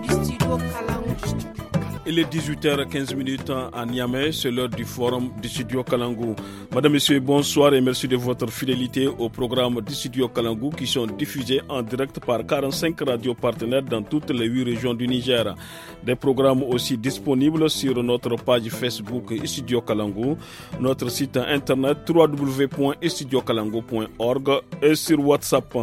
du il est 18h15 à Niamey, c'est l'heure du forum du studio Kalangou. Madame, Monsieur, bonsoir et merci de votre fidélité au programme du studio Kalangou qui sont diffusés en direct par 45 radios partenaires dans toutes les 8 régions du Niger. Des programmes aussi disponibles sur notre page Facebook Studio Kalangou, notre site internet www.studiokalangu.org et sur WhatsApp.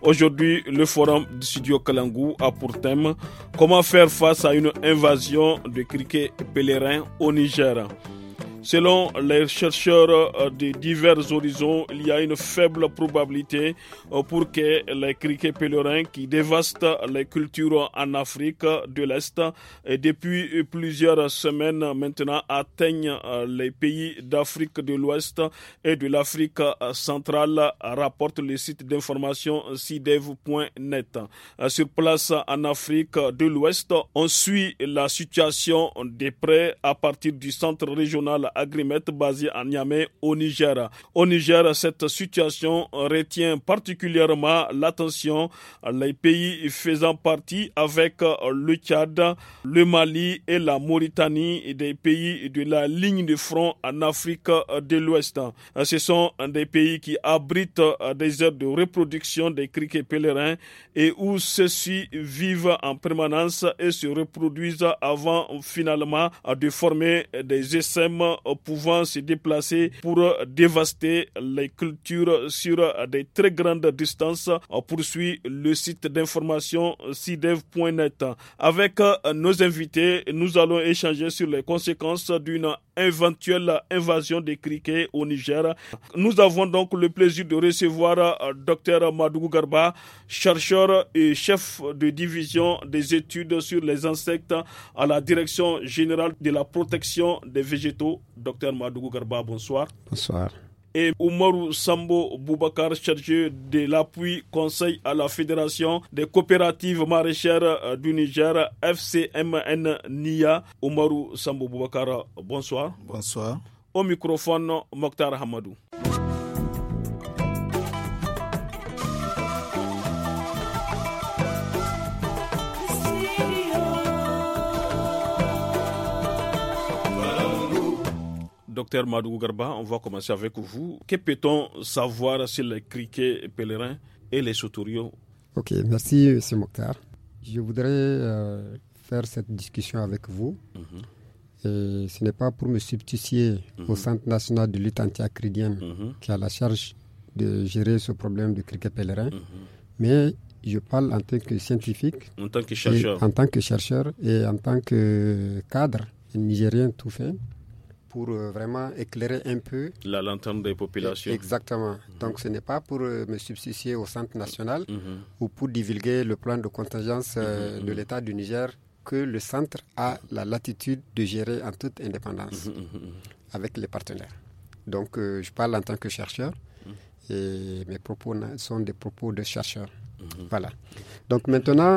Aujourd'hui, le forum du studio Kalangou a pour thème Comment faire face à une invasion de criquets pèlerins au Niger. Selon les chercheurs euh, de divers horizons, il y a une faible probabilité euh, pour que les criquets pèlerins qui dévastent les cultures en Afrique de l'Est et euh, depuis plusieurs semaines maintenant atteignent les pays d'Afrique de l'Ouest et de l'Afrique centrale, rapporte le site d'information CIDEV.net. Sur place en Afrique de l'Ouest, on suit la situation des prêts à partir du centre régional Agrimet basé à Niamey au Niger. Au Niger, cette situation retient particulièrement l'attention des pays faisant partie avec le Tchad, le Mali et la Mauritanie des pays de la ligne de front en Afrique de l'Ouest. Ce sont des pays qui abritent des aires de reproduction des criquets pèlerins et où ceux-ci vivent en permanence et se reproduisent avant finalement de former des SM euh, pouvant se déplacer pour euh, dévaster les cultures sur euh, des très grandes distances, poursuit le site d'information sidev.net. Avec nos invités, nous allons échanger sur les conséquences d'une éventuelle invasion des criquets au Niger. Nous avons donc le plaisir de recevoir euh, Dr Madougou Garba, chercheur et chef de division des études sur les insectes à la Direction générale de la protection des végétaux. Dr Madougou Garba, bonsoir. Bonsoir et Oumarou Sambo Boubacar, chargé de l'appui conseil à la Fédération des coopératives maraîchères euh, du Niger, FCMN NIA. Oumarou Sambo Boubacar, bonsoir. Bonsoir. Au microphone, Mokhtar Hamadou. Docteur Madou on va commencer avec vous. Que peut-on savoir sur les criquets pèlerins et les sotorios Ok, merci M. Mokhtar. Je voudrais euh, faire cette discussion avec vous. Mhm. ce n'est pas pour me substituer au mhm. Centre national de lutte anti-acridienne mhm. qui a la charge de gérer ce problème de criquet pèlerin, mais je parle en tant que scientifique, en tant que chercheur, en tant que chercheur et en tant que cadre nigérien tout fait pour euh, vraiment éclairer un peu. La lanterne des populations. Exactement. Mhm. Donc ce n'est pas pour euh, me substituer au Centre national mhm. ou pour divulguer le plan de contingence euh, mhm, de l'État du Niger que le Centre a la latitude de gérer en toute indépendance avec les partenaires. Donc je parle en tant que chercheur et mes propos sont des propos de chercheur. Voilà. Donc maintenant,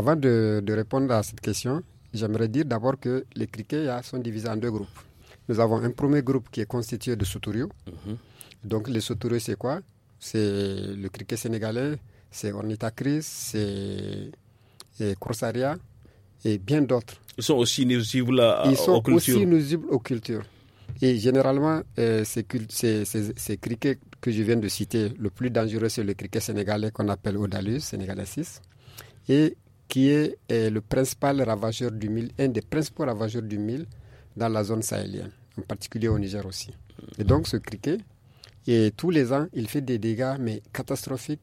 avant de, de répondre à cette question, j'aimerais dire d'abord que les criquets hein, sont divisés en deux groupes. Nous avons un premier groupe qui est constitué de Soturio. Mhm. Donc, les Soturio, c'est quoi C'est le cricket sénégalais, c'est Ornithacris, c'est Corsaria et bien d'autres. Ils sont aussi nuisibles à, Ils sont aussi nuisibles aux cultures. Et généralement, euh, c'est ces, ces, criquets que je viens de citer, le plus dangereux, c'est le criquet sénégalais qu'on appelle Odalus, sénégalais 6, et qui est, euh, le principal ravageur du mille, un des principaux ravageurs du mille, dans la zone sahélienne, en particulier au Niger aussi. Et donc ce criquet, et tous les ans, il fait des dégâts, mais catastrophiques,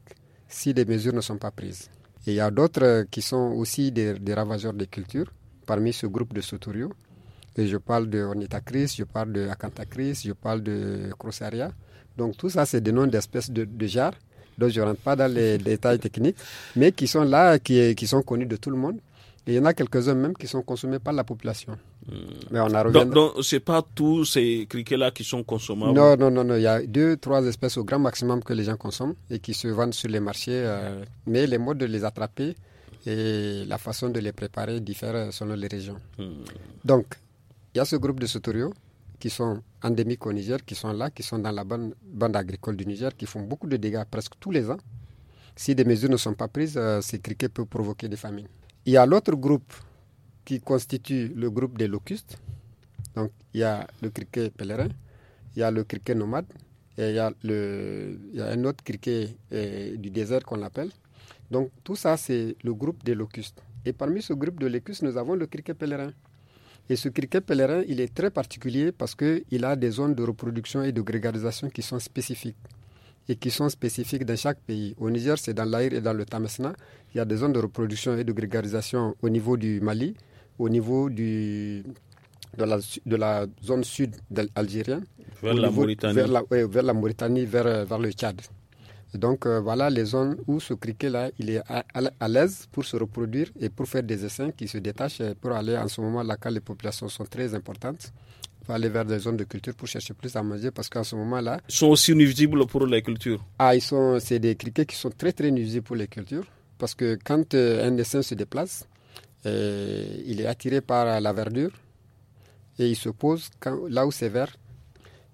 si des mesures ne sont pas prises. Et il y a d'autres euh, qui sont aussi des, ravageurs des cultures, parmi ce groupe de Soturio. Et je parle de je parle de je parle de Crossaria. Donc tout ça, c'est des noms d'espèces de, de dont je ne rentre pas dans les détails techniques, mais qui sont là, qui sont connus de tout le monde il y en a quelques-uns même qui sont consommés par la population. Hmm. Mais on a reviendra... Donc, ce n'est pas tous ces criquets-là qui sont consommables Non, non, non, non. Il y a deux, trois espèces au grand maximum que les gens consomment et qui se vendent sur les marchés. Euh, mais les modes de les attraper et la façon de les préparer diffèrent euh, selon les régions. Hmm. Donc, il y a ce groupe de Sotorio qui sont endémiques au Niger, qui sont là, qui sont dans la bande, bande agricole du Niger, qui font beaucoup de dégâts presque tous les ans. Si des mesures ne sont pas prises, euh, ces criquets peuvent provoquer des famines. Il y a l'autre groupe qui constitue le groupe des locustes. Donc, il y a le criquet pèlerin, il y a le criquet nomade, et il y a, le, un autre criquet eh, du désert qu'on appelle. Donc, tout ça, c'est le groupe des locustes. Et parmi ce groupe de locustes, nous avons le criquet pèlerin. Et ce criquet pèlerin, il est très particulier parce qu'il a des zones de reproduction et de grégarisation qui sont spécifiques et qui sont spécifiques dans chaque pays. Au Niger, c'est dans l'Aïr et dans le Tamasna, Il y a des zones de reproduction et de grégarisation au niveau du Mali, au niveau du, de, la, zone sud algérienne, vers, la, Mauritanie. Vers, la, euh, Mauritanie, vers, le Tchad. Donc euh, voilà les zones où ce criquet-là, il est à, l'aise pour se reproduire et pour faire des essaims qui se détachent euh, pour aller en ce moment là quand les populations sont très importantes aller vers des zones de culture pour chercher plus à manger parce qu'en ce moment-là. Ils sont aussi nuisibles pour les cultures. Ah, ils sont, c'est des criquets qui sont très très nuisibles pour les cultures parce que quand euh, un essaim se déplace, euh, il est attiré par la verdure et il se pose là où c'est vert.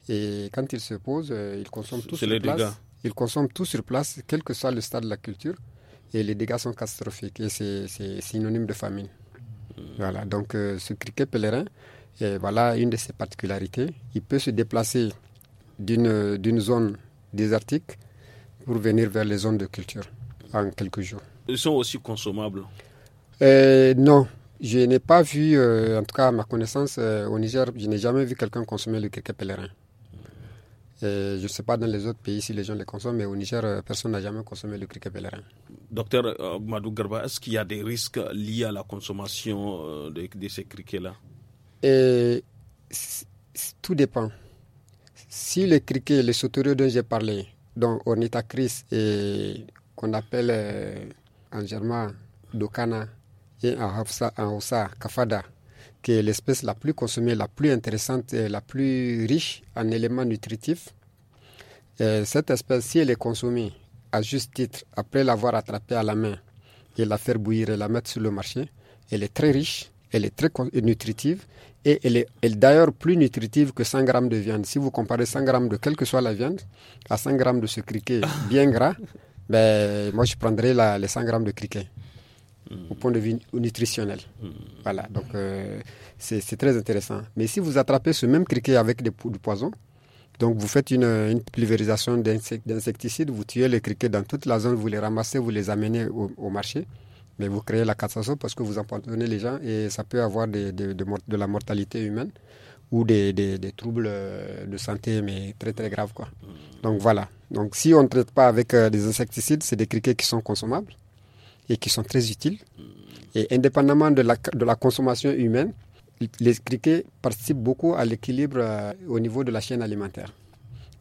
Et quand il se pose, euh, il consomme tout sur place. Dégâts. Il consomme tout sur place, quel que soit le stade de la culture. Et les dégâts sont catastrophiques et c'est synonyme de famine. Hmm. Voilà, donc ce criquet pèlerin, et euh, voilà une de ses particularités. Il peut se déplacer d'une zone désertique pour venir vers les zones de culture en quelques jours. Ils sont aussi consommables euh, Non, je n'ai pas vu, euh, en tout cas à ma connaissance, au Niger, je n'ai jamais vu quelqu'un consommer le criquet pèlerin. je ne sais pas dans les autres pays si les gens les consomment, mais au Niger, personne n'a jamais consommé le criquet pèlerin. Docteur Madou Garba, est-ce qu'il y a des risques liés à la consommation de ces criquets-là et tout dépend. Si les criquets, les sauterelles dont j'ai parlé, donc Ornithacris et qu'on appelle euh, en germain Dokana et en Hausa, Kafada, qui est l'espèce la plus consommée, la plus intéressante et la plus riche en éléments nutritifs, euh, cette espèce, si elle est consommée à juste titre, après l'avoir attrapée à la main et la faire bouillir et la mettre sur le marché, elle est très riche, elle est très nutritive et elle est, d'ailleurs plus nutritive que 100 grammes de viande. Si vous comparez 100 grammes de quelle que soit la viande à 100 grammes de ce criquet bien gras, ben, moi je prendrais les 100 grammes de criquet au point de vue nutritionnel. Hmm. Voilà, donc euh, c'est très intéressant. Mais si vous attrapez ce même criquet avec des, du poison, donc vous faites une, pulvérisation d'insecticides, vous tuez les criquets dans toute la zone, vous les ramassez, vous les amenez au marché mais vous créez la catastrophe parce que vous empoisonnez les gens et ça peut avoir des, de, la mortalité humaine ou des, troubles euh, de santé, mais très très graves. Quoi. Mmh. Donc voilà. Donc si on ne traite pas avec euh, des insecticides, c'est des criquets qui sont consommables et qui sont très utiles. Mmh. Et indépendamment de la, de la consommation humaine, les criquets participent beaucoup à l'équilibre euh, au niveau de la chaîne alimentaire.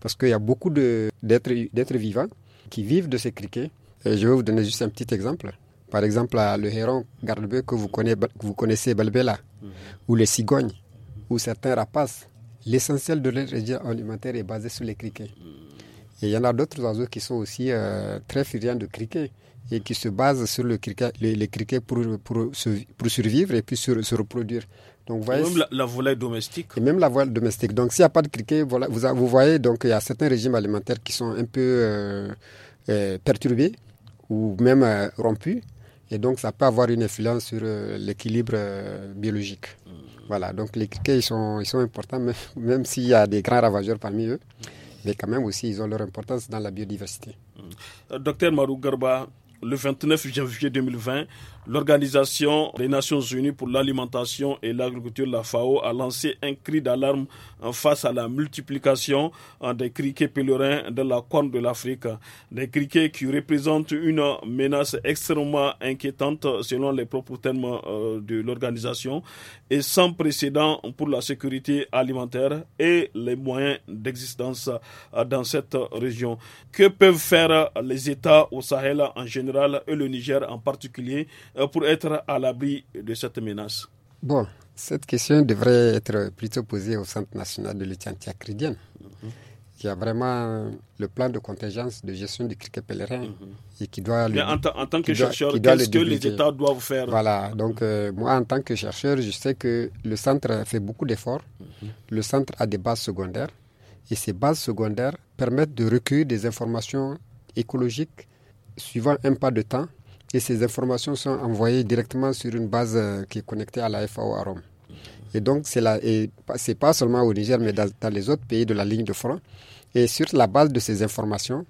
Parce qu'il y a beaucoup d'êtres vivants qui vivent de ces criquets. je vais vous donner juste un petit exemple. Par exemple, le héron garde que vous connaissez, que vous connaissez Balbela, mhm. ou les cigognes, ou certains rapaces. L'essentiel de leur régime alimentaire est basé sur les criquets. Mhm. Et il y en a d'autres oiseaux qui sont aussi euh, très friands de criquets et qui se basent sur le criquet, les, criquets pour, pour, survivre et puis se, reproduire. Donc, même la, volaille domestique. même la volaille domestique. Donc s'il n'y a pas de criquet, vous, voyez, donc il y a certains régimes alimentaires qui sont un peu euh, euh, perturbés ou même rompus. Et donc, ça peut avoir une influence sur euh, l'équilibre euh, biologique. Mm. Voilà, donc les criquets, ils sont, importants, même, même s'il y a des grands ravageurs parmi eux. Mais quand même aussi, ils ont leur importance dans la biodiversité. Mm. Euh, docteur Marou Garba, le 29 janvier 2020, L'Organisation des Nations Unies pour l'alimentation et l'agriculture, la FAO, a lancé un cri d'alarme face à la multiplication des criquets pèlerins de la corne de l'Afrique. Des criquets qui représentent une menace extrêmement inquiétante selon les propres termes euh, de l'organisation et sans précédent pour la sécurité alimentaire et les moyens d'existence euh, dans cette région. Que peuvent faire les États au Sahel en général et le Niger en particulier euh, pour être à l'abri de cette menace Bon, cette question devrait être plutôt posée au Centre national de lutte anti mhm. qui a vraiment le plan de contingence de gestion du criquet pèlerin mhm. et qui doit le, en, tant que chercheur, qu'est-ce que les États doivent faire Voilà, donc euh, moi en tant que chercheur, je sais que le centre fait beaucoup d'efforts. Mhm. Le centre a des bases secondaires et ces bases secondaires permettent de recueillir des informations écologiques suivant un pas de temps et ces informations sont envoyées directement sur une base euh, qui est connectée à la FAO à Rome. Et donc, ce n'est pas seulement au Niger, mais dans, les autres pays de la ligne de front. Et sur la base de ces informations,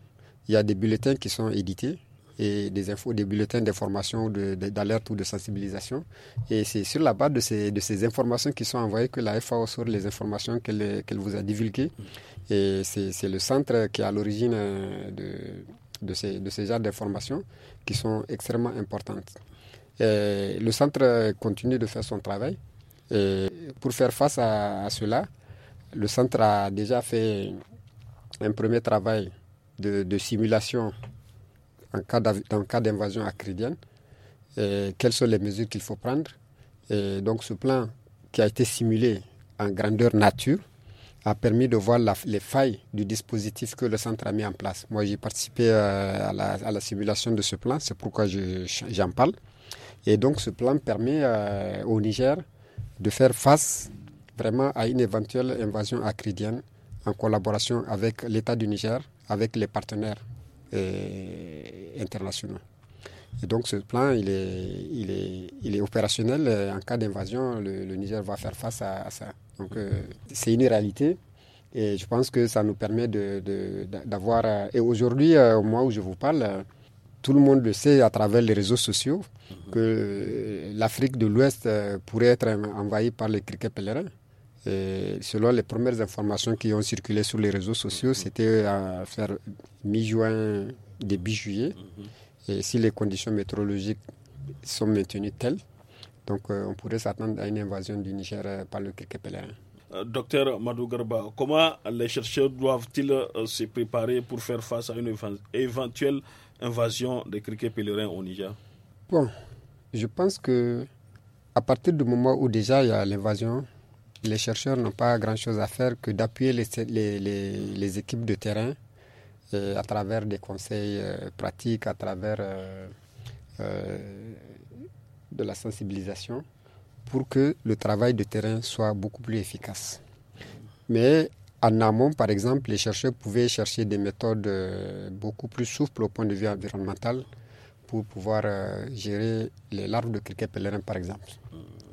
il y a des bulletins qui sont édités et des infos, des bulletins d'information, d'alerte ou de sensibilisation. Et c'est sur la base de ces, de ces, informations qui sont envoyées que la FAO sort les informations qu'elle vous a divulguées. Et c'est le centre qui est à l'origine euh, de, de ces, de ces genres de qui sont extrêmement importantes. le centre continue de faire son travail. pour faire face à, cela, le centre a déjà fait un premier travail de, de simulation en cas d'invasion acridienne. quelles sont les mesures qu'il faut prendre donc ce plan qui a été simulé en grandeur nature a permis de voir les failles du dispositif que le centre a mis en place. Moi, j'ai participé euh, à la, simulation de ce plan, c'est pourquoi j'en parle. Et donc, ce plan permet euh, au Niger de faire face vraiment à une éventuelle invasion acridienne en collaboration avec l'État du Niger, avec les partenaires euh, internationaux. Et donc ce plan, il est, est, il est opérationnel. En cas d'invasion, le, Niger va faire face à ça. Donc euh, c'est une réalité. Et je pense que ça nous permet d'avoir... De, euh, et aujourd'hui, au euh, mois où je vous parle, tout le monde le sait à travers les réseaux sociaux mm-hmm. que l'Afrique de l'Ouest pourrait être envahie par les criquets pèlerins. selon les premières informations qui ont circulé sur les réseaux sociaux, mm-hmm. c'était à faire mi-juin, début juillet. Mm-hmm. Et si les conditions météorologiques sont maintenues telles, donc euh, on pourrait s'attendre à une invasion du Niger euh, par le criquet pèlerin. Euh, docteur Madou Garba, comment les chercheurs doivent-ils se préparer pour faire face à une éventuelle invasion des criquets pèlerins au Niger Bon, je pense que à partir du moment où déjà il y a l'invasion, les chercheurs n'ont pas grand-chose à faire que d'appuyer les, équipes de terrain à travers des conseils pratiques, à travers de la sensibilisation pour que le travail de terrain soit beaucoup plus efficace. Mais en amont, par exemple, les chercheurs pouvaient chercher des méthodes euh, beaucoup plus souples au point de vue environnemental pour pouvoir euh, gérer les larves de criquet pèlerin, par exemple.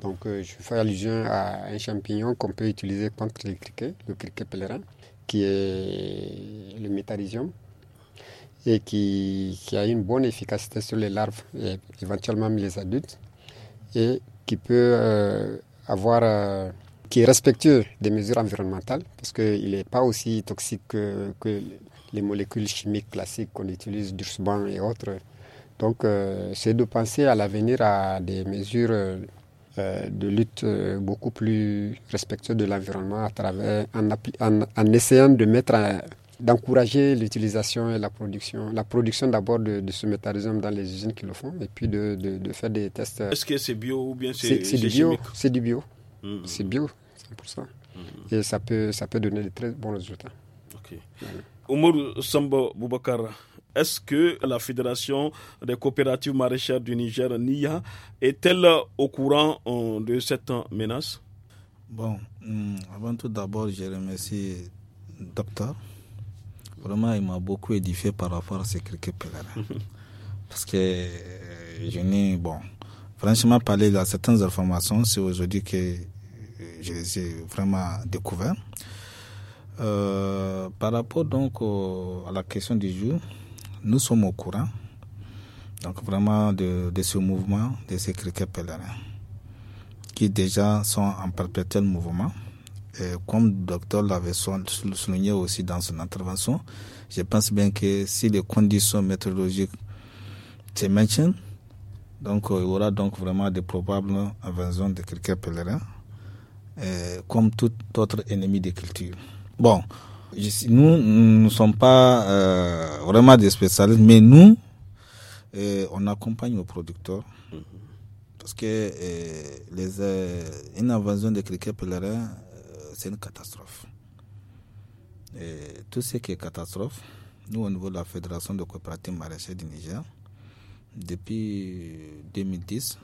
Donc, euh, je fais allusion à un champignon qu'on peut utiliser contre les criquets, le criquet pèlerin, qui est le métarhizium et qui, qui, a une bonne efficacité sur les larves et éventuellement les adultes et qui peut euh, avoir euh, qui est respectueux des mesures environnementales, parce qu'il n'est pas aussi toxique que, les molécules chimiques classiques qu'on utilise du et autres. Donc, euh, c'est de penser à l'avenir à des mesures de lutte beaucoup plus respectueuses de l'environnement à travers, en, en, en essayant de mettre d'encourager l'utilisation et la production, la production d'abord de, ce métallisme dans les usines qui le font, et puis de, faire des tests. Est-ce que c'est bio ou bien c'est C'est du bio, mm-hmm. c'est bio, c'est bio, 100%. Et ça peut, ça peut donner de très bons résultats. Ok. Oumour Samba Boubakara, est-ce que la Fédération des coopératives maraîchères du Niger, NIA, est-elle au courant euh, de cette menace Bon, mm, avant tout d'abord, je remercie docteur Vraiment, il m'a beaucoup édifié par rapport à ces cricket pèlerins. Parce que euh, je n'ai, bon, franchement, parlé de certaines informations, c'est aujourd'hui que euh, je les ai vraiment découvertes. Euh, par rapport donc à la question du jour, nous sommes au courant, donc vraiment de, de ce mouvement, de ces criquets pèlerins, qui déjà sont en perpétuel mouvement. Euh, comme le docteur l'avait souligné aussi dans son intervention, je pense bien que si les conditions météorologiques se maintiennent, donc euh, il y aura donc vraiment des probables invasions de criquets pèlerins, euh, comme tout autre ennemi des cultures. Bon, nous, ne sommes pas vraiment des spécialistes, mais nous, on accompagne nos producteurs. Mm-hmm. Parce que euh, les, invasion de criquets pèlerins c'est une catastrophe. tout ce qui est catastrophe, nous, au niveau de la Fédération de coopératives maraîchères du Niger, depuis 2010,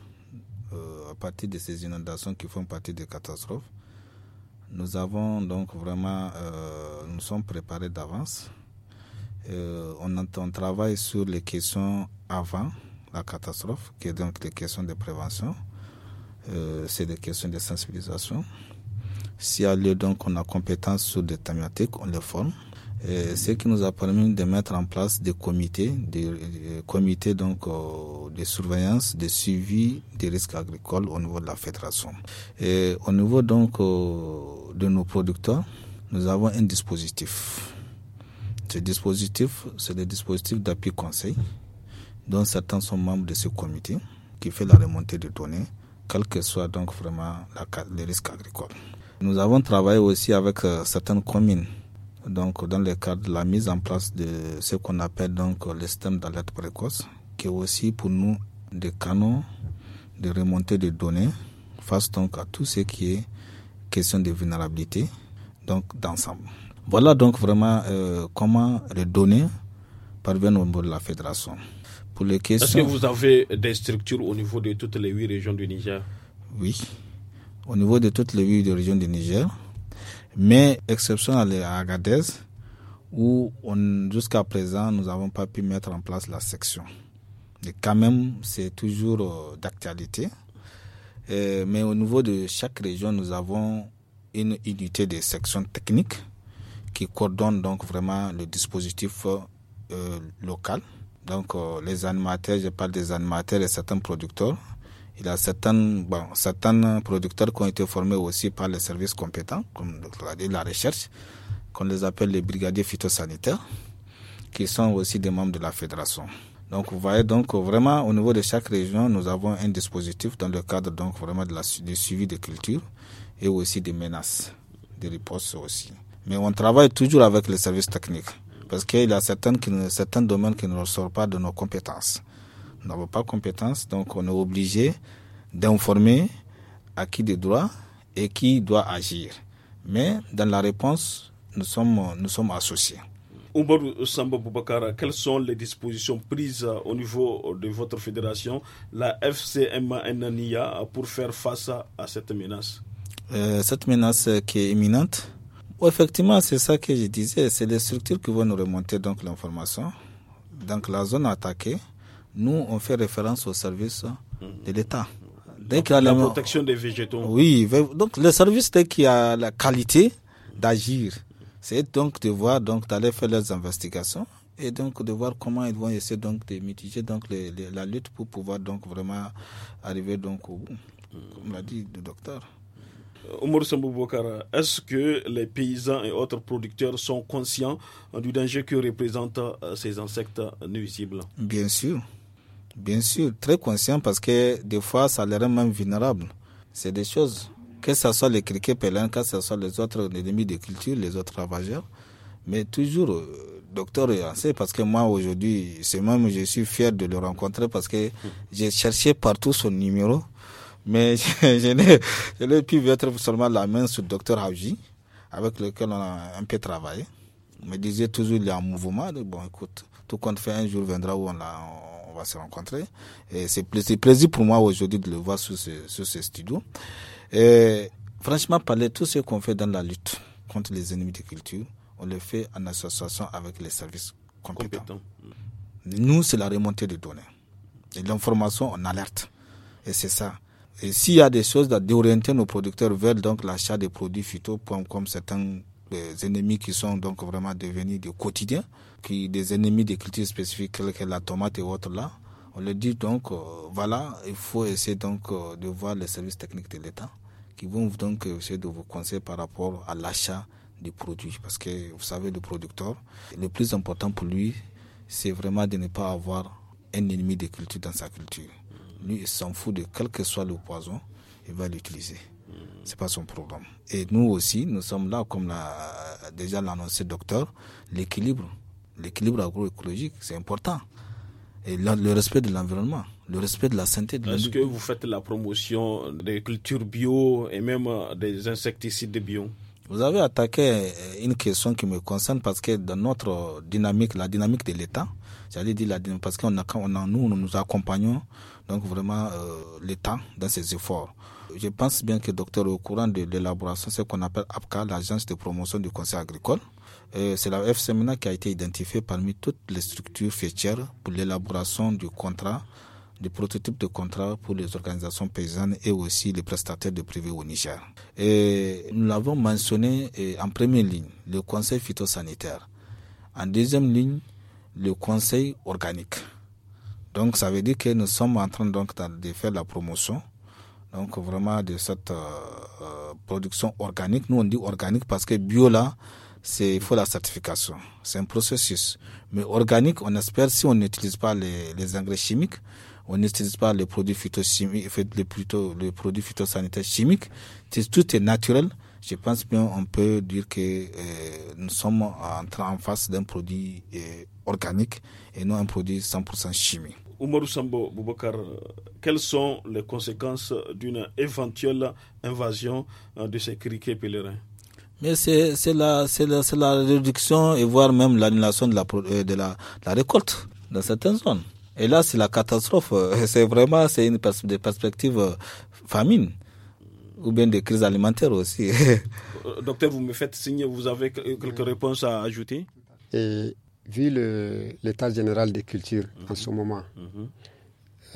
euh, à partir de ces inondations qui font partie des catastrophes, nous avons donc vraiment, euh, nous sommes préparés d'avance. Euh, on, on, travaille sur les questions avant la catastrophe, qui est donc les questions de prévention, c'est des questions de sensibilisation, si y a donc, on a compétence sur des thématiques, on les forme. ce qui nous a permis de mettre en place des comités, des, comités euh, de surveillance, de suivi des risques agricoles au niveau de la fédération. Et au niveau euh, de nos producteurs, nous avons un dispositif. Ce dispositif, c'est le dispositif d'appui conseil, dont certains sont membres de ce comité, qui fait la remontée de données, quel que soit donc vraiment les risques agricoles. Nous avons travaillé aussi avec euh, certaines communes donc dans le cadre de la mise en place de ce qu'on appelle donc le système d'alerte précoce, qui est aussi pour nous des canaux de remontée des données face donc à tout ce qui est question de vulnérabilité, donc d'ensemble. Voilà donc vraiment euh, comment les données parviennent au niveau de la fédération. Pour les questions. Est-ce que vous avez des structures au niveau de toutes les huit régions du Niger Oui, au niveau de toutes les villes de région du Niger, mais exception à Agadez, où jusqu'à présent, nous n'avons pas pu mettre en place la section. Mais quand même, c'est toujours euh, d'actualité. Euh, mais au niveau de chaque région, nous avons une unité de section technique qui coordonne donc vraiment le dispositif euh, local. Donc les animateurs, je parle des animateurs et certains producteurs, il y a certaines, certains producteurs qui ont été formés aussi par les services compétents, comme la recherche, qu'on les appelle les brigadiers phytosanitaires, qui sont aussi des membres de la fédération. Donc vous voyez donc vraiment au niveau de chaque région, nous avons un dispositif dans le cadre donc vraiment de la, du suivi des cultures et aussi des menaces, des ripostes aussi. Mais on travaille toujours avec les services techniques parce qu'il y a certaines, certains domaines qui ne ressortent pas de nos compétences nous n'avons pas compétence, donc on est obligé d'informer à qui des droits et qui doit agir. Mais dans la réponse, nous sommes, nous sommes associés. Oumar Samba Boubacar, quelles sont les dispositions prises au niveau de votre fédération, la FCMANIA, pour faire face à cette menace euh, Cette menace qui est imminente Effectivement, c'est ça que je disais, c'est les structures qui vont nous remonter donc l'information. Donc la zone attaquée, nous, on fait référence au service mhm. de l'État. la, protection des végétaux. Oui, donc le service, dès qu'il a la qualité d'agir, c'est donc de voir, donc d'aller faire leurs investigations et donc de voir comment ils vont essayer donc de mitiger donc la lutte pour pouvoir donc vraiment arriver donc au bout, comme l'a dit le docteur. Euh, Omar Samboubokara, est-ce que les paysans et autres producteurs sont conscients du danger que représentent euh, ces insectes nuisibles Bien sûr. Bien sûr, très conscient parce que des fois, ça les rend même vulnérable C'est des choses, que ce soit les criquets pélins, que ce soit les autres ennemis de culture, les autres ravageurs, mais toujours, euh, docteur c'est parce que moi aujourd'hui, c'est même, je suis fier de le rencontrer parce que j'ai cherché partout son numéro, mais je, je n'ai, pu mettre seulement la main sur le docteur Haji, avec lequel on a un peu travaillé. On me disait toujours, il est en mouvement, bon, écoute, tout compte fait, un jour viendra où on l'a, on va se rencontrer. Et c'est plaisir pour moi aujourd'hui de le voir sur ce, studio. franchement, parler tout ce qu'on fait dans la lutte contre les ennemis de culture, on le fait en association avec les services compétents. Nous, c'est la remontée de données. Et l'information, en alerte. Et c'est ça. Et s'il y a des choses, déorienter nos producteurs vers donc l'achat des produits phyto, comme certains des ennemis qui sont donc vraiment devenus du quotidien, qui des ennemis des cultures spécifiques telles que la tomate et autres là. On leur dit donc, euh, voilà, il faut essayer donc euh, de voir les services techniques de l'État qui vont donc essayer de vous conseiller par rapport à l'achat du produit. Parce que vous savez, le producteur, le plus important pour lui, c'est vraiment de ne pas avoir un ennemi de culture dans sa culture. Lui, il s'en fout de quel que soit le poison, il va l'utiliser. C'est pas son programme. Et nous aussi, nous sommes là, comme l'a déjà l'annoncé le docteur, l'équilibre. L'équilibre agroécologique, c'est important. Et le respect de l'environnement, le respect de la santé de Est-ce que vous faites la promotion des cultures bio et même euh, des insecticides bio Vous avez attaqué euh, une question qui me concerne parce que dans notre dynamique, la dynamique de l'État, j'allais dire la parce qu'on a, on nous, nous accompagnons donc vraiment euh, l'État dans ses efforts. Je pense bien que docteur est au courant de l'élaboration, ce qu'on appelle APCA, l'agence de promotion du conseil agricole. Euh, c'est la FCMNA qui a été identifiée parmi toutes les structures fêtières pour l'élaboration du contrat, du prototype de contrat pour les organisations paysannes et aussi les prestataires de privés au Niger. Et nous l'avons mentionné euh, en première ligne, le conseil phytosanitaire. En deuxième ligne, le conseil organique. Donc ça veut dire que nous sommes en train donc de faire la promotion donc vraiment de cette euh, euh, production organique. Nous on dit organique parce que bio là, c'est il faut la certification. C'est un processus. Mais organique, on espère si on n'utilise pas les, les, engrais chimiques, on n'utilise pas les produits les, plutôt les produits phytosanitaires chimiques, tout est naturel. Je pense bien on peut dire que euh, nous sommes en train en face d'un produit euh, organique et non un produit 100% chimique. Oumaru Sambo Boubacar, quelles sont les conséquences d'une éventuelle invasion euh, de ces criquets pèlerins mais c'est la, la, la, réduction et voire même l'annulation euh, de, la, de la, récolte dans certaines zones. Et là, c'est la catastrophe. C'est vraiment c'est une des perspectives euh, famine ou bien des crises alimentaires aussi. Docteur, vous me faites signe, vous avez quelques réponses à ajouter vu l'état général des cultures en mhm. ce moment, il mhm.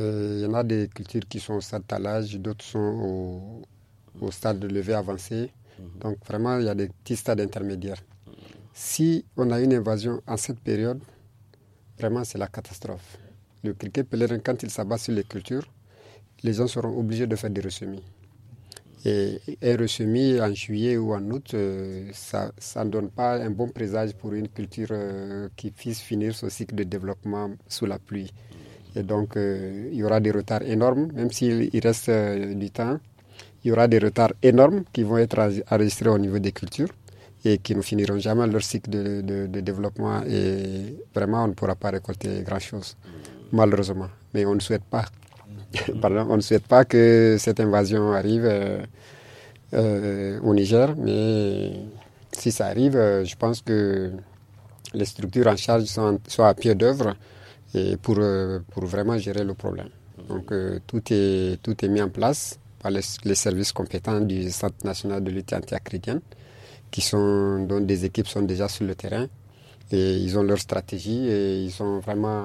euh, y en a des cultures qui sont au stade talage, d'autres sont au, stade de levée avancée. Mhm. Donc vraiment, il y a des petits stades intermédiaires. Si on a une invasion en cette période, vraiment c'est la catastrophe. Le criquet pèlerin, quand il s'abat sur les cultures, les gens seront obligés de faire des ressemis et euh, est en juillet ou en août, euh, ça, ne donne pas un bon présage pour une culture euh, qui puisse finir son cycle de développement sous la pluie. Et donc, il y aura des retards énormes, même s'il reste du temps. Il y aura des retards énormes qui vont être enregistrés au niveau des cultures et qui ne finiront jamais leur cycle de développement. Et vraiment, on ne pourra pas récolter grand-chose, malheureusement. Mais on ne souhaite pas on ne souhaite pas que cette invasion arrive euh, euh, au Niger, mais si ça arrive, euh, je pense que les structures en charge sont, à pied d'œuvre pour, pour vraiment gérer le problème. Donc tout, est, tout est mis en place par les, services compétents du Centre national de lutte anti-acridienne, dont des équipes sont déjà sur le terrain et ils ont leur stratégie et ils sont vraiment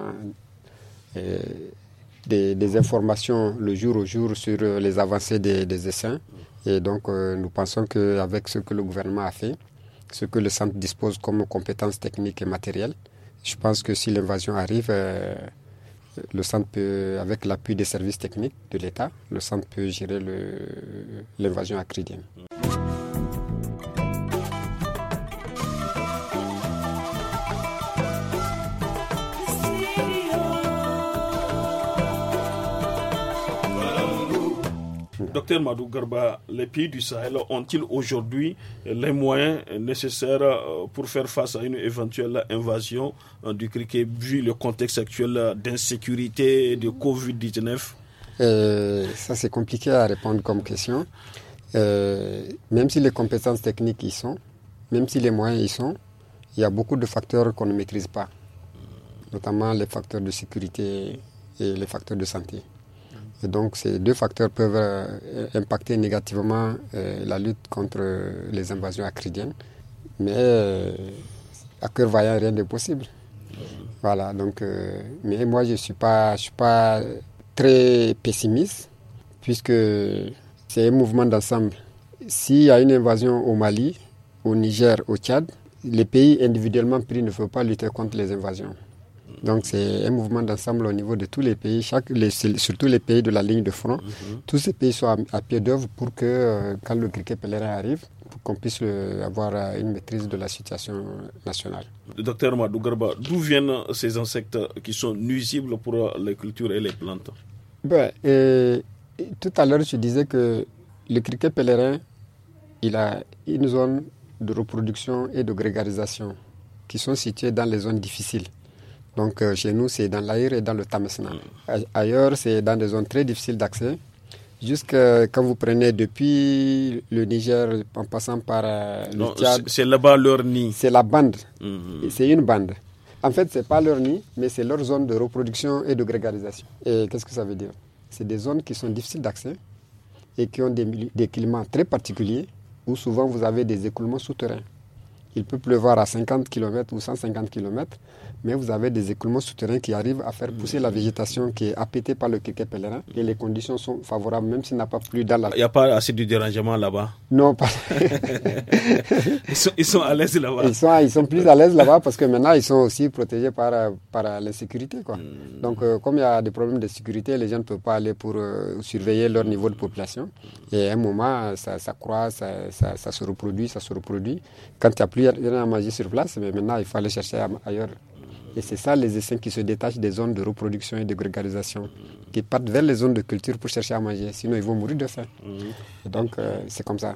des, informations le jour au jour sur euh, les avancées des, essais. essaims. Et donc, euh, nous pensons qu'avec ce que le gouvernement a fait, ce que le centre dispose comme compétences techniques et matérielles, je pense que si l'invasion arrive, euh, le centre peut, avec l'appui des services techniques de l'État, le centre peut gérer l'invasion acridienne. Docteur Garba, les pays du Sahel ont-ils aujourd'hui euh, les moyens euh, nécessaires euh, pour faire face à une éventuelle invasion du cricket vu le contexte actuel d'insécurité et de Covid-19 Ça, c'est compliqué à répondre comme question. même si les compétences techniques y sont, même si les moyens y sont, il y a beaucoup de facteurs qu'on ne maîtrise pas, notamment les facteurs de sécurité et les facteurs de santé donc ces deux facteurs peuvent euh, impacter négativement euh, la lutte contre les invasions acridiennes. Mais euh, à cœur vaillant, rien n'est possible. Voilà, donc, mais moi je ne suis, pas, suis pas très pessimiste, puisque c'est un mouvement d'ensemble. S'il y a une invasion au Mali, au Niger, au Tchad, les pays individuellement pris ne peuvent pas lutter contre les invasions. Donc c'est un mouvement d'ensemble au niveau de tous les pays, chaque, les, surtout les pays de la ligne de front. Mhm. Tous ces pays sont à, pied d'œuvre pour que euh, quand le criquet pèlerin arrive, pour qu'on puisse euh, avoir euh, une maîtrise de la situation nationale. Docteur Madou d'où viennent ces insectes qui sont nuisibles pour les cultures et les plantes ben, Tout à l'heure, je disais que le criquet pèlerin, il a une zone de reproduction et de grégarisation qui sont situées dans les zones difficiles. Donc euh, chez nous, c'est dans l'Aïr et dans le Tamasna. Mm. Ailleurs, c'est dans des zones très difficiles d'accès. Jusque quand vous prenez depuis le Niger en passant par euh, le Tchad. C'est là-bas leur nid. C'est la bande. Mm-hmm. C'est une bande. En fait, ce n'est pas leur nid, mais c'est leur zone de reproduction et de grégarisation. Et qu'est-ce que ça veut dire C'est des zones qui sont difficiles d'accès et qui ont des, des, climats très particuliers où souvent vous avez des écoulements souterrains. Il peut pleuvoir à 50 km ou 150 km, mais vous avez des écoulements souterrains qui arrivent à faire pousser la végétation qui est appétée par le kéké pèlerin. Et les conditions sont favorables, même s'il n'a pas plu dans Il n'y a pas assez de dérangement là-bas Non, pas. ils, sont, à l'aise là-bas. Ils sont, plus à l'aise là-bas parce que maintenant, ils sont aussi protégés par, euh, par euh, l'insécurité. Hmm. Donc, euh, comme il y a des problèmes de sécurité, les gens ne peuvent pas aller pour surveiller leur niveau de population. Et à un moment, ça, ça croît, ça, se reproduit, ça se reproduit. Quand il plus il y en a à manger sur place, mais maintenant, il faut aller chercher ailleurs. Et c'est ça les essaims qui se détachent des zones de reproduction et de grégarisation, qui partent vers les zones de culture pour chercher à manger, sinon ils vont mourir de faim. Mhm. Donc euh, c'est comme ça.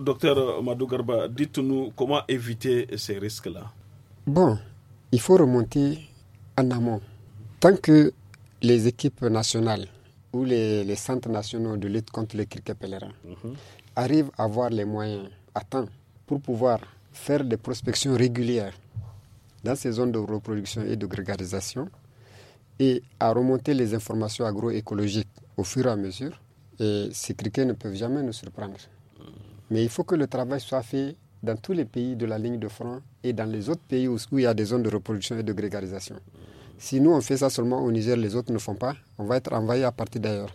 Docteur Madou Garba, dites-nous comment éviter ces risques-là Bon, il faut remonter en amont. Tant que les équipes nationales ou les, centres nationaux de lutte contre les criquets pèlerins mhm. arrivent à avoir les moyens à temps pour pouvoir faire des prospections régulières dans ces zones de reproduction et de grégarisation et à remonter les informations agroécologiques au fur et à mesure. Et ces criquets ne peuvent jamais nous surprendre. Mais il faut que le travail soit fait dans tous les pays de la ligne de front et dans les autres pays où, il y a des zones de reproduction et de grégarisation. Si nous on fait ça seulement au Niger, les autres ne font pas, on va être envahi à partir d'ailleurs.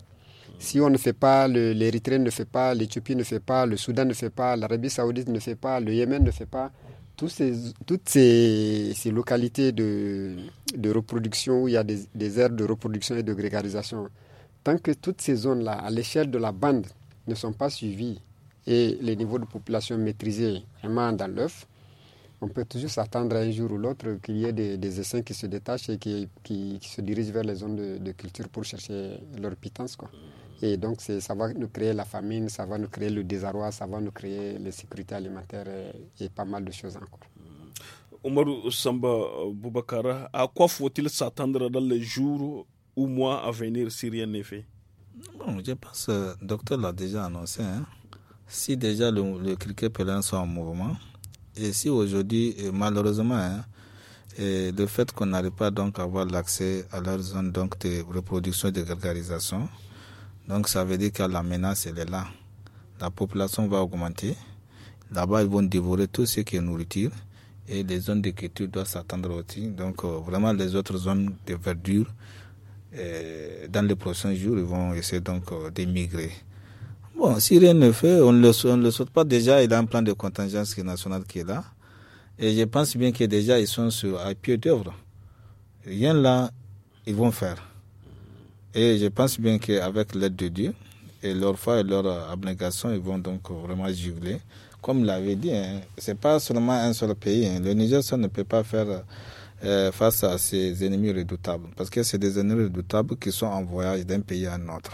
Si on ne fait pas, l'Érythrée ne fait pas, l'Éthiopie ne fait pas, le Soudan ne fait pas, l'Arabie saoudite ne fait pas, le Yémen ne fait pas, toutes ces, toutes localités de, reproduction où il y a des, aires de reproduction et de grégarisation, tant que toutes ces zones-là, à l'échelle de la bande, ne sont pas suivies et les niveaux de population maîtrisés vraiment dans l'œuf, on peut toujours s'attendre un jour ou l'autre qu'il y ait des, des, essaims qui se détachent et qui, se dirigent vers les zones de, culture pour chercher leur pitance. Et donc, ça va nous créer la famine, ça va nous créer le désarroi, ça va nous créer les sécurités alimentaires et, pas mal de choses encore. Mm. Omar Samba euh, Boubakara à quoi faut-il s'attendre dans les jours ou mois à venir si rien n'est fait je pense que le docteur l'a déjà annoncé. Hein. Si déjà le, le criquet pelin sont en mouvement, et si aujourd'hui, malheureusement, de hein, le fait qu'on n'arrive pas donc à avoir l'accès à leur zone donc de reproduction et de gargarisation, donc ça veut dire que la menace, elle est là. La population va augmenter. Là-bas, ils vont dévorer tout ce qui est nourriture. Et les zones de culture doivent s'attendre aussi. Donc euh, vraiment, les autres zones de verdure, euh, dans les prochains jours, ils vont essayer donc euh, d'émigrer. Bon, si rien ne fait, on ne le, souhaite pas déjà. Il y a un plan de contingence national qui est là. Et je pense bien que déjà, ils sont sur, à pied d'œuvre. Rien là, ils vont faire. Et je pense bien qu'avec l'aide de Dieu et leur foi et leur euh, abnégation, ils vont donc vraiment juguler. Comme l'avait dit, hein, c'est pas seulement un seul pays. Hein. Le Niger ça ne peut pas faire euh, face à ses ennemis redoutables. Parce que c'est des ennemis redoutables qui sont en voyage d'un pays à un autre.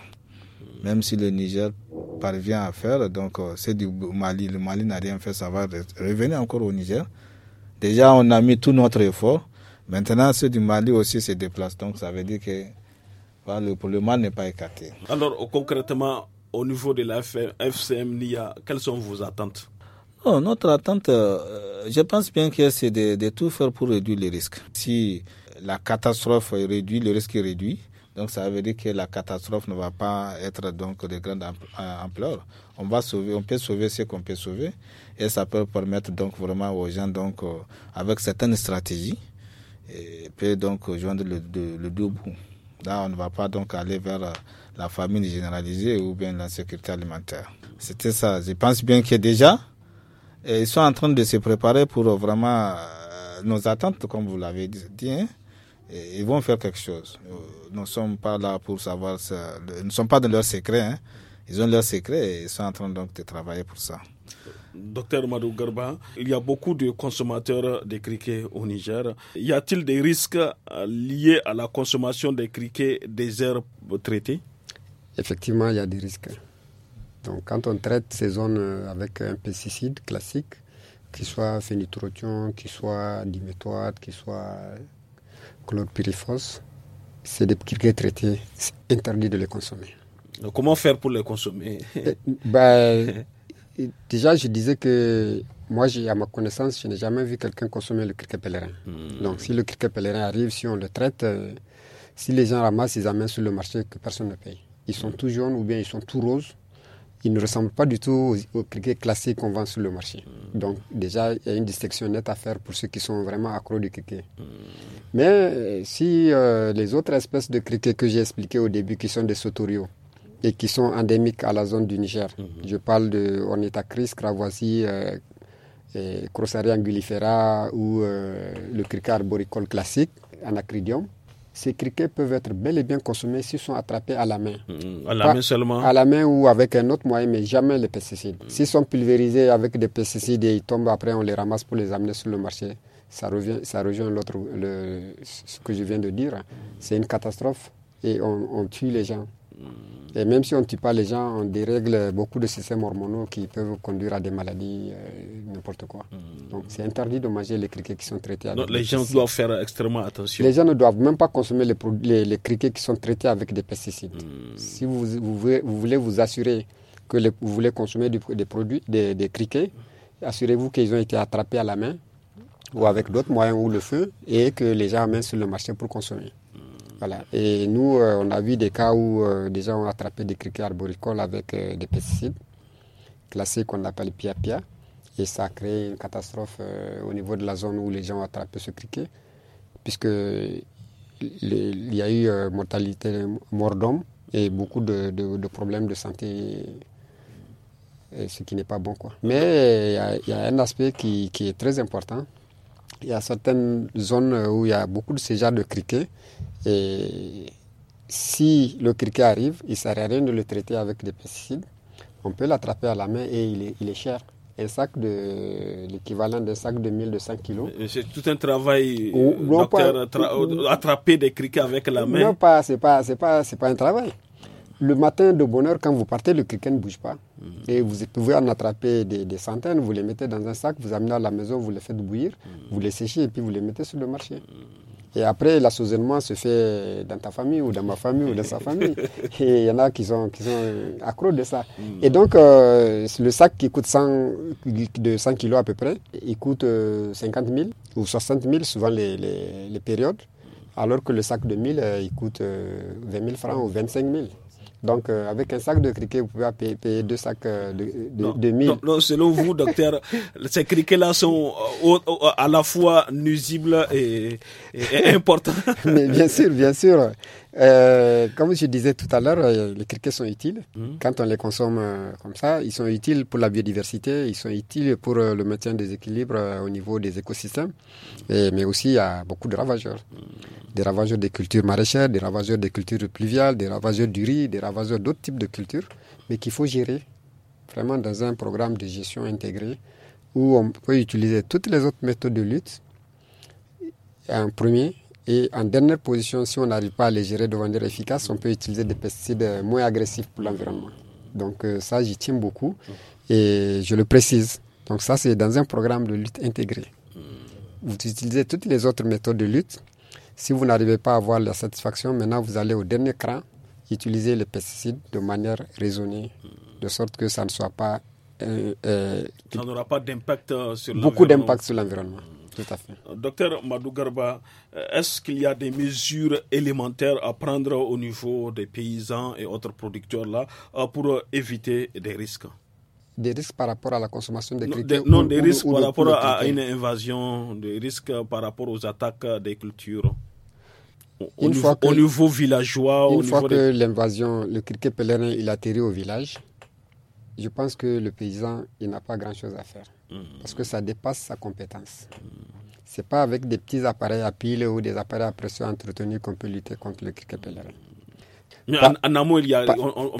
Même si le Niger parvient à faire, donc euh, c'est du Mali. Le Mali n'a rien fait, ça va revenir encore au Niger. Déjà, on a mis tout notre effort. Maintenant, ceux du Mali aussi se déplacent. Donc, ça veut dire que le, n'est pas écarté. Alors concrètement, au niveau de la FCM NIA, quelles sont vos attentes Notre attente, euh, je pense bien que c'est de, tout faire pour réduire les risques. Si la catastrophe est réduite, le risque est réduit. Donc ça veut dire que la catastrophe ne va pas être donc de grande euh, ampleur. On va sauver, on peut sauver ce qu'on peut sauver et ça peut permettre donc vraiment aux gens donc euh, avec certaines stratégies et peut donc joindre le, le, le deux Là, on ne va pas donc aller vers la famine généralisée ou bien la sécurité alimentaire. C'était ça. Je pense bien que déjà, eh, ils sont en train de se préparer pour vraiment euh, nos attentes, comme vous l'avez dit. Hein. ils vont faire quelque chose. Euh, nous ne sommes pas là pour savoir ça. Nous ne sommes pas dans leurs secrets hein. Ils ont leurs secrets et ils sont en train donc de travailler pour ça. Docteur Madou Garba, il y a beaucoup de consommateurs de criquets au Niger. Y a-t-il des risques euh, liés à la consommation des criquets des herbes traitées Effectivement, il y a des risques. Donc, quand on traite ces zones euh, avec un pesticide classique, qu'il soit phénitrotion, qu'il soit diméthoate, qu'il soit chlorpyrifos, c'est des criquets traités. C'est interdit de les consommer. comment faire pour les consommer eh, bah, Déjà, je disais que moi, à ma connaissance, je n'ai jamais vu quelqu'un consommer le criquet pèlerin. Hmm. Donc, si le criquet pèlerin arrive, si on le traite, euh, si les gens ramassent, ils amènent sur le marché que personne ne paye. Ils sont hmm. tout jaunes ou bien ils sont tout roses. Ils ne ressemblent pas du tout au criquet classique qu'on vend sur le marché. Hmm. Donc, déjà, il y a une distinction nette à faire pour ceux qui sont vraiment accros du criquet. Mais euh, si euh, les autres espèces de criquets que j'ai expliquées au début, qui sont des sotorios, et qui sont endémiques à la zone du Niger. Mhm. Je parle de Ornithacris, Cravoisie, euh, angulifera ou euh, le criquet arboricole classique, Anacridium. Ces criquets peuvent être bel et bien consommés s'ils sont attrapés à la main. Mhm. à la main seulement À la main ou avec un autre moyen, mais jamais les pesticides. Mhm. S'ils sont pulvérisés avec des pesticides et ils tombent, après on les ramasse pour les amener sur le marché, ça, revient, ça rejoint l'autre, ce que je viens de dire. Hein. C'est une catastrophe et on tue les gens. Et même si on ne tue pas les gens, on dérègle beaucoup de systèmes hormonaux qui peuvent conduire à des maladies, euh, n'importe quoi. Hmm. Donc c'est interdit de manger les criquets qui sont traités avec Donc, les gens doivent faire extrêmement attention. Les gens ne doivent même pas consommer les, criquets qui sont traités avec des pesticides. Hmm. Si vous, voulez vous assurer que vous voulez consommer des produits, des, des criquets, assurez-vous qu'ils ont été attrapés à la main ou avec d'autres moyens ou le feu et que les gens amènent sur le marché pour consommer. Voilà. Et nous, euh, on a vu des cas où euh, des gens ont attrapé des criquets arboricoles avec euh, des pesticides classiques qu'on appelle pia-pia. Et ça a créé une catastrophe au niveau de la zone où les gens ont attrapé ce criquet, puisque il y a eu mortalité, mort d'homme et beaucoup de, problèmes de santé, ce qui n'est pas bon. Mais il y, a, un aspect qui est très important, il y a certaines zones où il y a beaucoup de ces genres de criquets. Et si le criquet arrive, il ne sert à rien de le traiter avec des pesticides. On peut l'attraper à la main et il est, cher. Un sac de l'équivalent d'un sac de 1200 kilos. C'est tout un travail attraper des criquets avec la main. Non, pas, c'est pas, c'est pas, c'est pas un travail le matin de bonheur, quand vous partez, le criquet ne bouge pas. Mm. Et vous pouvez en attraper des, centaines, vous les mettez dans un sac, vous amenez à la maison, vous les faites bouillir, mm. vous les séchez et puis vous les mettez sur le marché. Mm. Et après, l'assaisonnement se fait dans ta famille ou dans ma famille ou dans sa famille. Et il y en a qui sont, qui de ça. Et donc, euh, le sac qui coûte 100, de 100 kilos à peu près, il coûte 50 euh, 000 ou 60 000, souvent les, périodes. Alors que le sac de 1000, euh, il coûte 20 000 francs ou 25 000. Donc, euh, avec un sac de criquet, vous pouvez payer, deux sacs euh, de, de, selon vous, docteur, ces criquets-là sont euh, à la fois nuisibles et, et importants. Mais bien sûr, bien sûr. Euh, comme je disais tout à l'heure, euh, les criquets sont utiles. Mmh. Quand on les consomme euh, comme ça, ils sont utiles pour la biodiversité, ils sont utiles pour le maintien des équilibres au niveau des écosystèmes, mais aussi à beaucoup de ravageurs. Mmh. Des ravageurs des cultures maraîchères, des ravageurs des cultures pluviales, des ravageurs du riz, des ravageurs d'autres types de cultures, mais qu'il faut gérer vraiment dans un programme de gestion intégrée où on peut utiliser toutes les autres méthodes de lutte en premier et en dernière position, si on n'arrive pas à les gérer de manière efficace, on peut utiliser des pesticides euh, moins agressifs pour l'environnement. Donc euh, ça, j'y tiens beaucoup et je le précise. Donc ça, c'est dans un programme de lutte intégré. Vous utilisez toutes les autres méthodes de lutte. Si vous n'arrivez pas à avoir la satisfaction, maintenant vous allez au dernier cran, utiliser les pesticides de manière raisonnée, de sorte que ça ne soit pas... Euh, ça n'aura pas d'impact sur l'environnement. Beaucoup d'impact sur l'environnement. Euh, docteur Madou Garba, euh, est-ce qu'il y a des mesures élémentaires à prendre au niveau des paysans et autres producteurs là euh, pour éviter des risques des risques par rapport à la consommation des critères Non, des, non, des risques par rapport à une invasion, des risques par rapport aux attaques des cultures. Au, niveau, fois au niveau villageois, une fois que l'invasion, le criquet pèlerin, il atterrit au village, je pense que le paysan, il n'a pas grand-chose à faire. Mm. Parce que ça dépasse sa compétence. Mm. Ce n'est pas avec des petits appareils à pile ou des appareils à pression entretenus qu'on peut lutter contre le criquet pèlerin. en, amont, il y a, par, on,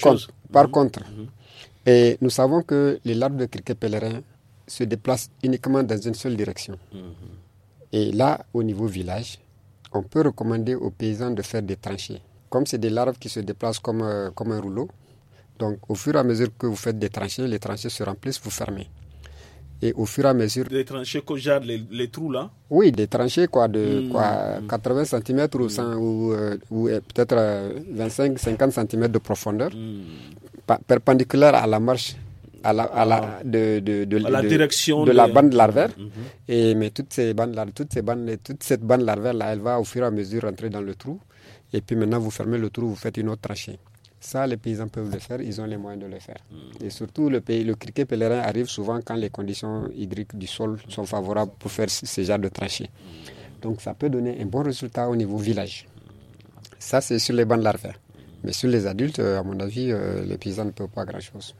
Contre, par contre, mm. nous savons que les larves de criquet pèlerin se déplacent uniquement dans une seule direction. Et là, au niveau village, on peut recommander aux paysans de faire des tranchées. Comme c'est des larves qui se déplacent comme euh, un rouleau, donc, au fur et à mesure que vous faites des tranchées, les tranchées se remplissent, vous fermez. Et au fur et à mesure. Des tranchées que les, trous là Oui, des tranchées quoi, de hmm. quoi, 80 cm ou, 100, ou, euh, euh, peut-être 25-50 euh, cm de profondeur, hmm. perpendiculaire à la marche à la, ah. de, la direction de, la bande larvaire. Mhm. et, mais toutes ces bandes, toutes ces bandes, toute cette bande larvaire, là, elle va au fur et à mesure rentrer dans le trou. Et puis maintenant, vous fermez le trou, vous faites une autre tranchée. Ça, les paysans peuvent le faire, ils ont les moyens de le faire. Hmm. Et surtout, le, pays, le criquet pèlerin arrive souvent quand les conditions hydriques du sol sont favorables pour faire ce genre de tranchées. Hmm. Donc, ça peut donner un bon résultat au niveau village. Ça, c'est sur les bandes larvaires. Mais sur les adultes, euh, à mon avis, euh, les paysans ne peuvent pas grand-chose.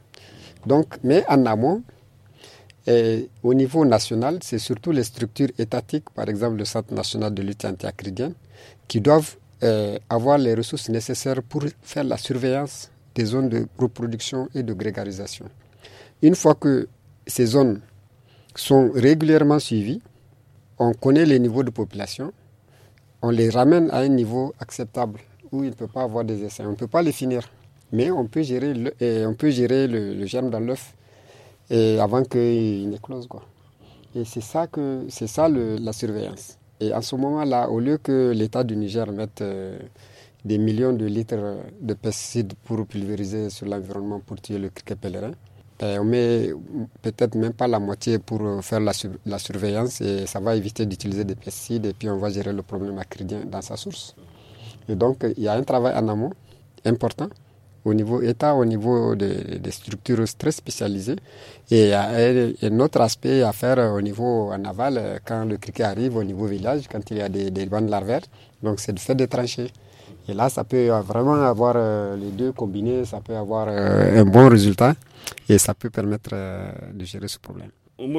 Donc, mais en amont, et au niveau national, c'est surtout les structures étatiques, par exemple le Centre national de lutte anti-acridienne, qui doivent euh, avoir les ressources nécessaires pour faire la surveillance des zones de reproduction et de grégarisation. Une fois que ces zones sont régulièrement suivies, on connaît les niveaux de population, on les ramène à un niveau acceptable où il ne peut pas avoir des essais. On ne peut pas les finir, mais on peut gérer le, on peut gérer le, germe dans l'œuf avant qu'il n'éclose. Quoi. Et c'est ça, que, c'est ça la surveillance. Et en ce moment-là, au lieu que l'État du Niger mette euh, des millions de litres de pesticides pour pulvériser sur l'environnement pour tuer le criquet pèlerin, ben, on met peut-être même pas la moitié pour euh, faire la, la surveillance et ça va éviter d'utiliser des pesticides et puis on va gérer le problème acridien dans sa source. Et donc, il y a un travail en amont important au niveau État, au niveau des, structures très spécialisées. Et, un autre aspect à faire au niveau en aval, quand le criquet arrive au niveau village, quand il y a des, des bandes larvaires, donc c'est de faire des tranchées. Et là, ça peut vraiment avoir euh, les deux combinés, ça peut avoir euh, un bon résultat et ça peut permettre euh, de gérer ce problème.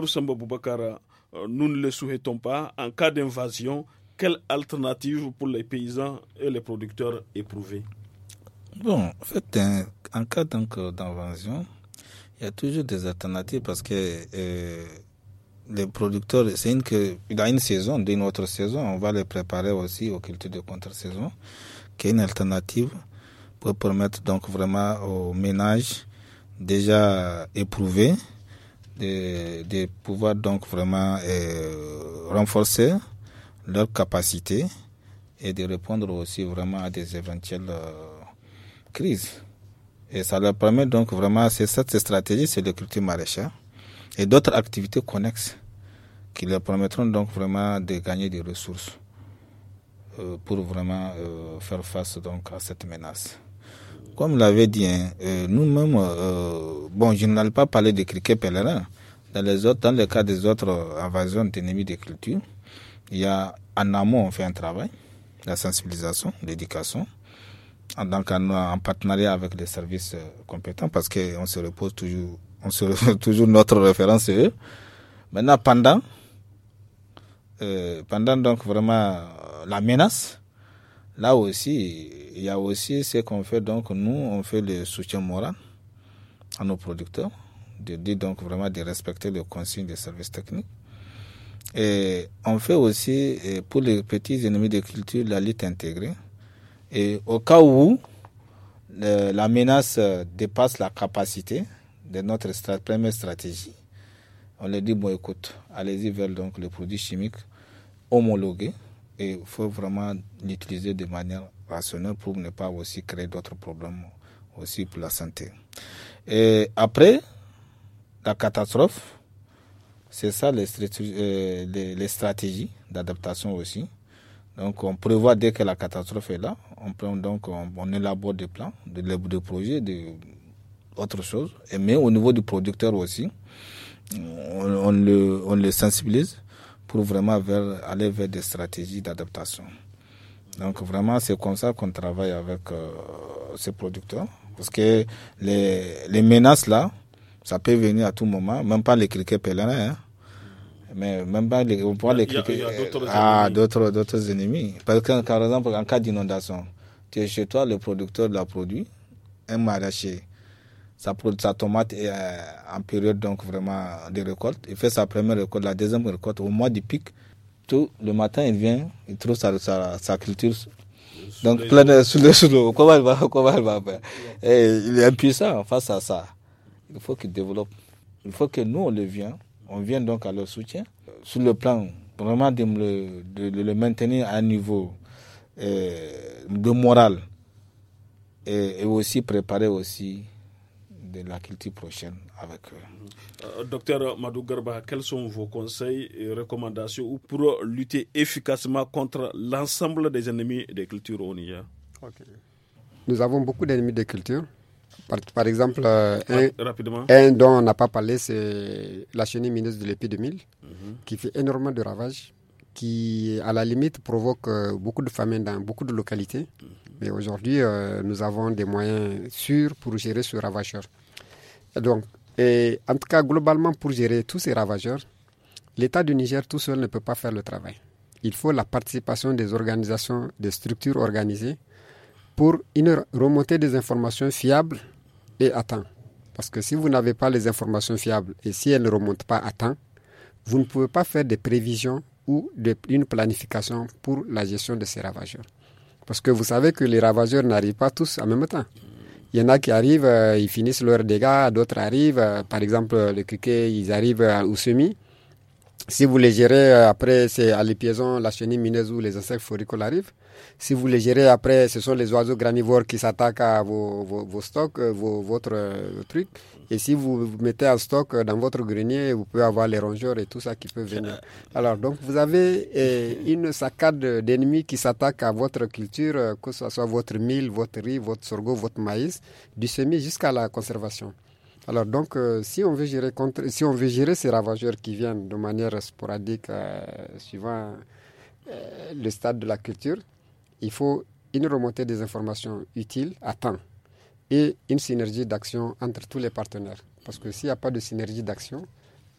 Samba nous ne le souhaitons pas. En cas d'invasion, quelle alternative pour les paysans et les producteurs éprouvés Bon, en fait, en cas donc euh, d'invention, il y a toujours des alternatives parce que euh, les producteurs, c'est une que, dans une saison, d'une autre saison, on va les préparer aussi aux cultures de contre-saison, qui est une alternative pour permettre donc vraiment aux ménages déjà éprouvés de, pouvoir donc vraiment euh, renforcer leur capacité et de répondre aussi vraiment à des éventuels crise. Et ça leur permet donc vraiment, c'est cette stratégie, c'est l'écriture maraîchère et d'autres activités connexes qui leur permettront donc vraiment de gagner des ressources euh, pour vraiment euh, faire face donc à cette menace. Comme l'avait dit, hein, euh, nous-mêmes, bon, je n'allais pas parler de criquet pèlerins Dans les autres, dans le cas des autres invasions d'ennemis des cultures, il y a en amont on fait un travail, la sensibilisation, l'éducation donc en, en, partenariat avec les services euh, compétents parce qu'on se repose toujours, on se toujours notre référence eux. Maintenant, pendant, euh, pendant donc vraiment euh, la menace, là aussi, il y a aussi ce qu'on fait. Donc, nous, on fait le soutien moral à nos producteurs, de dire donc vraiment de respecter les consignes des services techniques. Et on fait aussi, pour les petits ennemis de culture, la lutte intégrée. Et au cas où la menace euh, dépasse la capacité de notre première stratégie, on leur dit bon, écoute, allez-y vers donc les produits chimiques et il faut vraiment l'utiliser de manière rationnelle pour ne pas aussi créer d'autres problèmes aussi pour la santé. Et après la catastrophe, c'est ça les, euh, les stratégies d'adaptation aussi. Donc on prévoit dès que la catastrophe est là, on prend donc on, élabore des plans, des, projets, des autres choses. Et mais au niveau du producteur aussi, on, le, sensibilise pour vraiment aller vers des stratégies d'adaptation. Donc vraiment c'est comme ça qu'on travaille avec euh, ces producteurs parce que les, menaces là, ça peut venir à tout moment, même pas les criquets pèlerins. Hein. Mais même pas, les, on pourra les cliquer. Ah, d'autres, d'autres ennemis. Parce que, par exemple, en cas d'inondation, tu es chez toi, le producteur de la produit, un maraîcher, sa, sa tomate est euh, en période donc vraiment de récolte. Il fait sa première récolte, la deuxième récolte, au mois du pic. Tout, le matin, il vient, il trouve sa, sa, culture donc, plein de sous l'eau. Comment va, va faire il est impuissant face à ça. Il faut qu'il développe. Il faut que nous, on le vienne on vient donc à leur soutien. Sur le plan vraiment de le, maintenir à un niveau euh, de morale et, aussi préparer aussi de la culture prochaine avec eux. Euh, docteur Madou Garba, quels sont vos conseils et recommandations pour lutter efficacement contre l'ensemble des ennemis des cultures au Nous avons beaucoup d'ennemis des cultures par, exemple, euh, un, dont on n'a pas parlé, c'est la chenille mineuse de de 2000, mhm. qui fait énormément de ravages, qui, à la limite, provoque euh, beaucoup de famines dans beaucoup de localités. Mhm. Mais aujourd'hui, euh, nous avons des moyens sûrs pour gérer ce ravageur. donc, en tout cas, globalement, pour gérer tous ces ravageurs, l'État du Niger tout seul ne peut pas faire le travail. Il faut la participation des organisations, des structures organisées pour une remontée des informations fiables et à temps. Parce que si vous n'avez pas les informations fiables et si elles ne remontent pas à temps, vous ne pouvez pas faire des prévisions ou une planification pour la gestion de ces ravageurs. Parce que vous savez que les ravageurs n'arrivent pas tous en même temps. Il y en a qui arrivent, euh, ils finissent leurs dégâts, d'autres arrivent, euh, par exemple le cuquet, ils arrivent euh, au semis, si vous les gérez, euh, après, c'est à l'épiaison, la chenille mineuse ou les insectes floricoles arrivent. Si vous les gérez, après, ce sont les oiseaux granivores qui s'attaquent à vos, vos, stocks, euh, vos, votre euh, truc. Et si vous, mettez en stock dans votre grenier, vous pouvez avoir les rongeurs et tout ça qui peut venir. Alors, donc, vous avez une saccade d'ennemis qui s'attaquent à votre culture, que ce soit votre mil, votre riz, votre sorgho, votre maïs, du semis jusqu'à la conservation. Alors donc, euh, si on veut gérer ces ravageurs qui viennent de manière sporadique, euh, suivant euh, le stade de la culture, il faut une remontée des informations utiles à temps et une synergie d'action entre tous les partenaires. Parce que s'il n'y a pas de synergie d'action,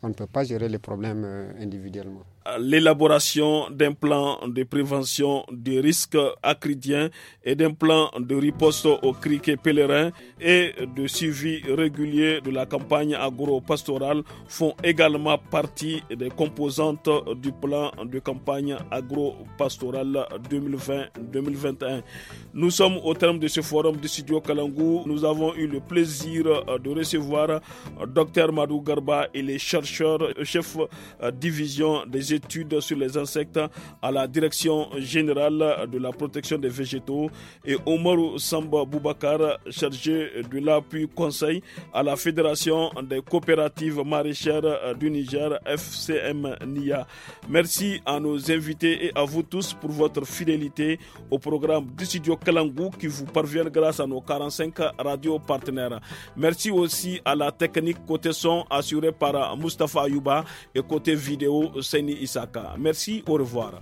on ne peut pas gérer les problèmes individuellement l'élaboration d'un plan de prévention des risques acridiens et d'un plan de riposte aux criquets pèlerins et de suivi régulier de la campagne agro-pastorale font également partie des composantes du plan de campagne agro-pastorale 2020-2021. Nous sommes au terme de ce forum de Studio Kalangou. Nous avons eu le plaisir de recevoir Dr Madou Garba et les chercheurs chef euh, division des études sur les insectes à la Direction générale de la protection des végétaux et Omar Samba Boubacar, chargé de l'appui conseil à la Fédération des coopératives maraîchères du Niger, FCM NIA. Merci à nos invités et à vous tous pour votre fidélité au programme du studio Kalangou qui vous parvient grâce à nos 45 radios partenaires. Merci aussi à la technique côté son assurée par Mustapha Ayouba et côté vidéo Seni Isaka. Merci, au revoir.